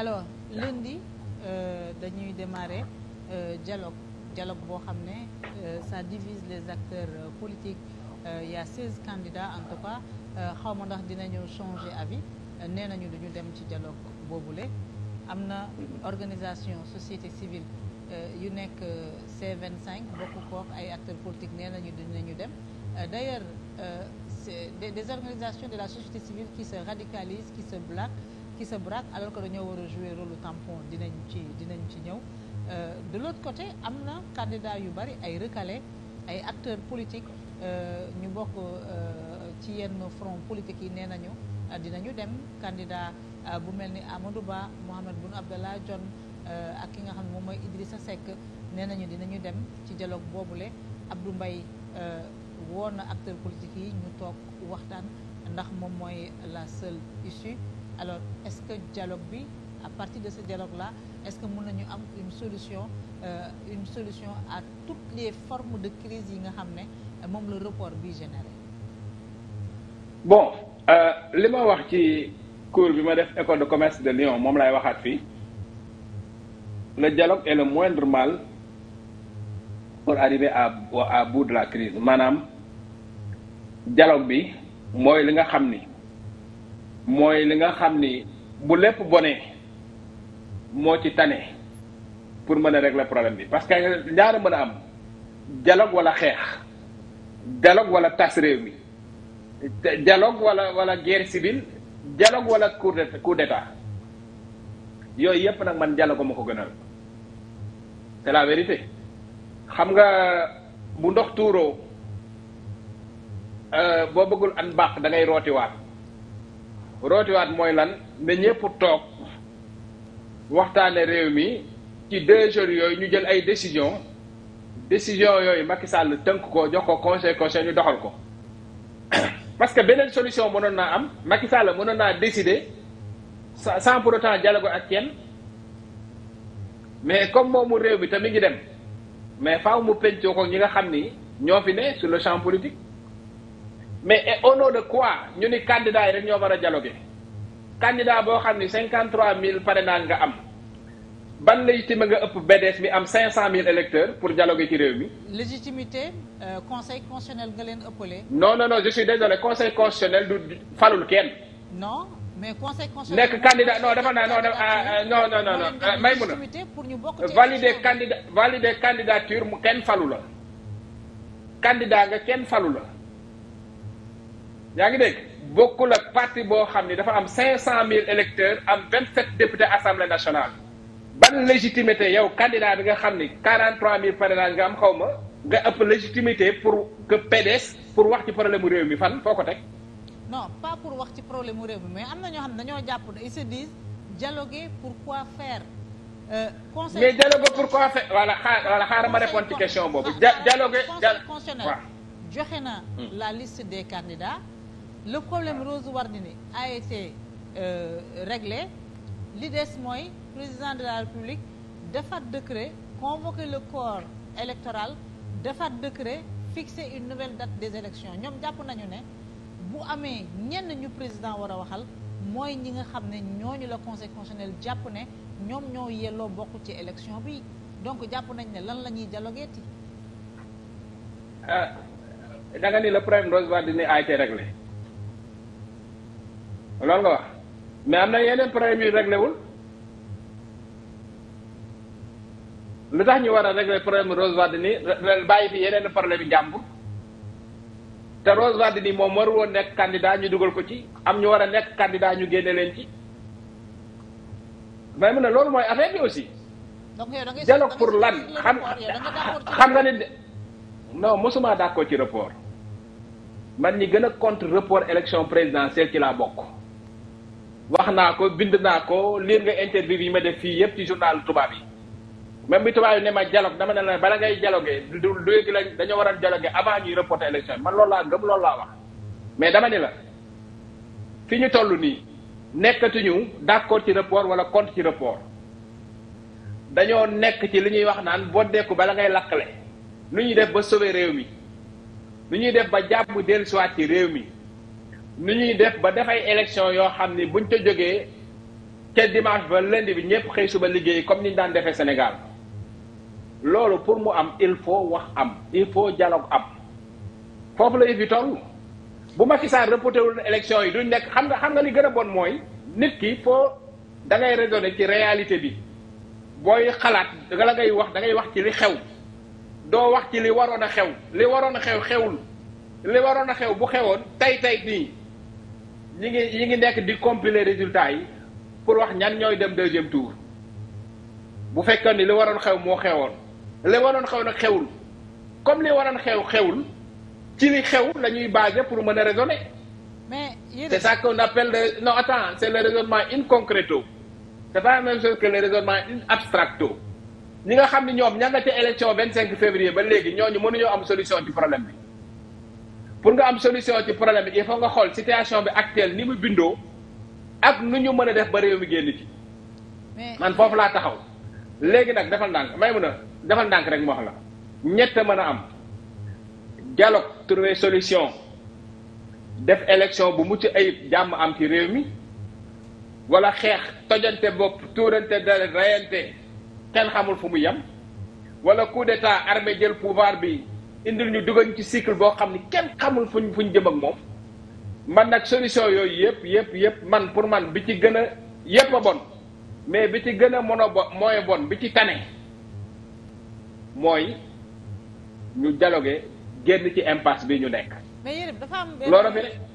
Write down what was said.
alors lundi euh, dañuy démarrer euh, dialogue dialogue boo xam ne euh, ça divise les acteurs politiques il y a seize candidats en tout cas xaw ma ndax dinañu changer avis nee nañu du ñu dem ci dialogue boobule am na organisation société civile yu nekk C25 bokk kook ay acteurs politiques nee nañu dinañu dem d'ailleurs c'est des organisations de la société civile qui se radicalisent qui se bloquent qui se braque alors que dañoo war a jouer rôle tampon dinañ ci dinañu ci ñëw euh, de l'autre côté am na candidat yu bari ay recalés ay acteurs politiques euh, ñu bokk euh, ci yenn front politique yi nee nañu dinañu dem candidat bu mel ni Amadou Ba Mohamed Boun Abdallah Dionne ak ki nga xam moom mooy Idrissa Seck nee nañu dinañu dem ci dialogue boobule Abdou Mbaye woon na acteurs politiques yi ñu toog waxtaan ndax moom mooy la seule issue alors est-ce que dialogue bi à partir de ce dialogue la est-ce que mën nañu am une solution euh, une solution à toutes les formes de crise yi nga xam ne moom la report bi généré bon euh, li ma wax ci cours bi ma def école de commerce de Lyon moom laay waxaat fi le dialogue est le moindre mal pour arriver à à bout de la crise maanaam dialogue bi mooy li nga xam ni mooy li nga xam ni bu lépp bone moo ci tane pour mën a régler problème bi parce que ñaara mën a am dialogue wala xeex jaloog wala tas réew mi dialogue wala wala guerre civile dialogue wala coup de coup d'état yooyu yëpp nag man dialogue ma ko gënal c'est la vérité xam nga bu ndox tuuroo euh, boo bëggul an baax dangay ngay rootiwaat rootiwaat mooy lan ne ñëpp toog waxtaane réew mi ci deux jours yooyu ñu jël ay décision décision yooyu Macky Sall tënk ko jox ko conseil conseil ñu doxal ko parce que beneen solution mënoon naa am Macky Sall mënoon naa sa sans pour autant dialogue ak kenn mais comme mu réew mi te mi ngi dem mais faaw mu pencoo ko ñi nga xam ni ñoo fi ne su le champ politique mais et au de quoi ñu ni candidat yi rek ñoo war a dialoguer candidat boo xam ni cinquante trois mille parrainage nga am ban légitimité nga ëpp BDS mi am cinq cent mille électeurs pour dialoguer ci réew mi. légitimité euh, conseil constitutionnel nga leen ëppale. non non non je suis désolé conseil constitutionnel du falul kenn. non mais conseil constitutionnel. nekk candidat non dafa naa non ah, ah, non non non non may mun a. valider candidat valider candidature mu kenn falu la. candidat nga kenn falu la. yaa ngi dégg bokkul ak parti boo xam ni dafa am cinq cent mille électeurs am vingt sept députés assemblée nationale ban légitimité yow candidat bi nga xam ni quarante trois mille parrainage nga am xaw ma nga ëpp légitimité pour que PDS pour wax ci problème mu réew mi fan foo ko teg non pas pour wax ci problème mu réew mi mais am na ñoo xam ne dañoo jàpp ils se disent dialoguer pour quoi faire euh, conseil mais dialoguer pour quoi faire voilà xaaral ma répondre ci question boobu ah, dialoguer conseil constitutionnel joxe na hmm. la liste des candidats le problème Rose Wardini a été euh, li des mooy président de la République defaat décret convoquer le corps électoral defaat décret fixer une nouvelle date des élections ñoom jàpp nañu ne bu amee ñenn ñu président war a waxal mooy ñi nga xam ne ñooñu la conseil constitutionnel jàpp ne ñoom ñoo yelloo bokk ci élection bi donc jàpp nañ ne lan la ñuy dialogueeti ah, da nga ni le problème Rose Wardini a été réglé loolu nga wax mais am na yeneen problème yu réglé wul lu tax ñu war a réglé problème Rose Wardini bàyyi fi yeneen problème yi jàmbur te Rose Wardini moom war woon nekk candidat ñu dugal ko ci am ñu war a nekk candidat ñu génne leen ci mais mu na loolu mooy affaire bi aussi. dialogue pour lan xam xam nga ni non mosuma d'accord ci report man ñi gën a contre report élection présidentielle ci laa bokk. wax naa ko bind naa ko liir nga interview yi ma def fii yëpp ci journal tubaab yi même bi tubaab yi ne ma dialogue dama ne la bala ngay dialogué du léegi lañ dañoo war a jaloge avant ñuy reporter élection man loolu laa gëm loolu laa wax mais dama ne la fi ñu toll nii nekkatuñu d'accord ci report wala contre ci report dañoo nekk ci li ñuy wax naan boo dekku bala ngay lakkale lu ñuy def ba sauver réew mi lu ñuy def ba jàmm dellusiwaat ci réew mi nu ñuy def ba dafay élection yoo xam ni buñ ca jógee ca dimanche ba lundi bi ñëpp xëy suba liggéey comme ni ñu daan defee Sénégal loolu pour mu am il faut wax am il faut dialogue am foofu la yëf yi toll bu Macky Sall reporté wul yi duñ nekk xam nga xam nga li gën a bon mooy nit ki foo da ngay raisonner ci réalité bi booy xalaat da la ngay wax da ngay wax ci li xew doo wax ci li waroon a xew li waroon a xew xewul li waroon a xew bu xewoon tey tey nii ñi ngi ñi ngi nekk di compiler résultat yi pour wax ñan ñooy dem deuxième tour bu fekkoon ni li waroon xew moo xewoon li waroon xew nag xewul comme li waroon xew xewul ci li xew la ñuy basé pour mën a raisonner. mais yéen c'est ça qu'on appelle le non attends c'est le raisonnement in concreto c'est pas la même chose que le raisonnement in abstracto ñi nga xam ne ñoom ña nga ca élection vingt cinq février ba léegi ñooñu mënuñoo am solution ci problème bi. pour nga am solution ci problème bi il faut nga xool situation bi actuelle ni mu bindoo ak nu ñu mën a def ba réew mi génn ci man foofu laa taxaw léegi nag defal ndànk may mun a defal ndànk rek mu wax la ñett mën a am dialogue trouver solution def élection bu mucc ayib jàmm am ci réew mi walla xeex tojante bopp tuurante dale rayante kenn xamul fu mu yem wala coup d'état armée jël pouvoir bi indil ñu dugañ ci cycle boo xam ni kenn xamul fuñ fuñ jëm ak moom man nag solution yooyu yëpp yëpp yëpp man pour man bi ci gën a yëpp a bon mais bi ci gën a mën a bo mooy bon bi ci tane mooy ñu dialogué génn ci impasse bi ñu nekk. loolu fi